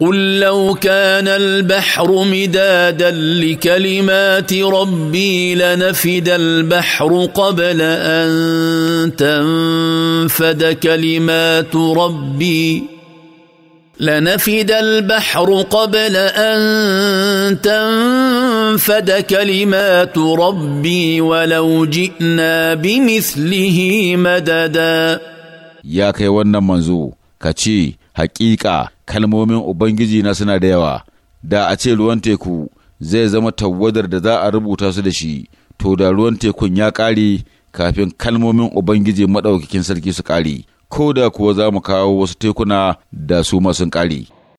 قل لو كان البحر مدادا لكلمات ربي لنفد البحر قبل ان تنفد كلمات ربي لنفد البحر قبل ان تنفد كلمات ربي ولو جئنا بمثله مددا يا كي ونن منزو ka ce hakika kalmomin ubangiji na suna da yawa da a ce ruwan teku zai zama tawadar da za a rubuta su da shi to da ruwan tekun ya ƙare kafin kalmomin ubangiji maɗaukakin sarki su ƙare ko da kuwa za mu kawo wasu tekuna da su ma sun ƙare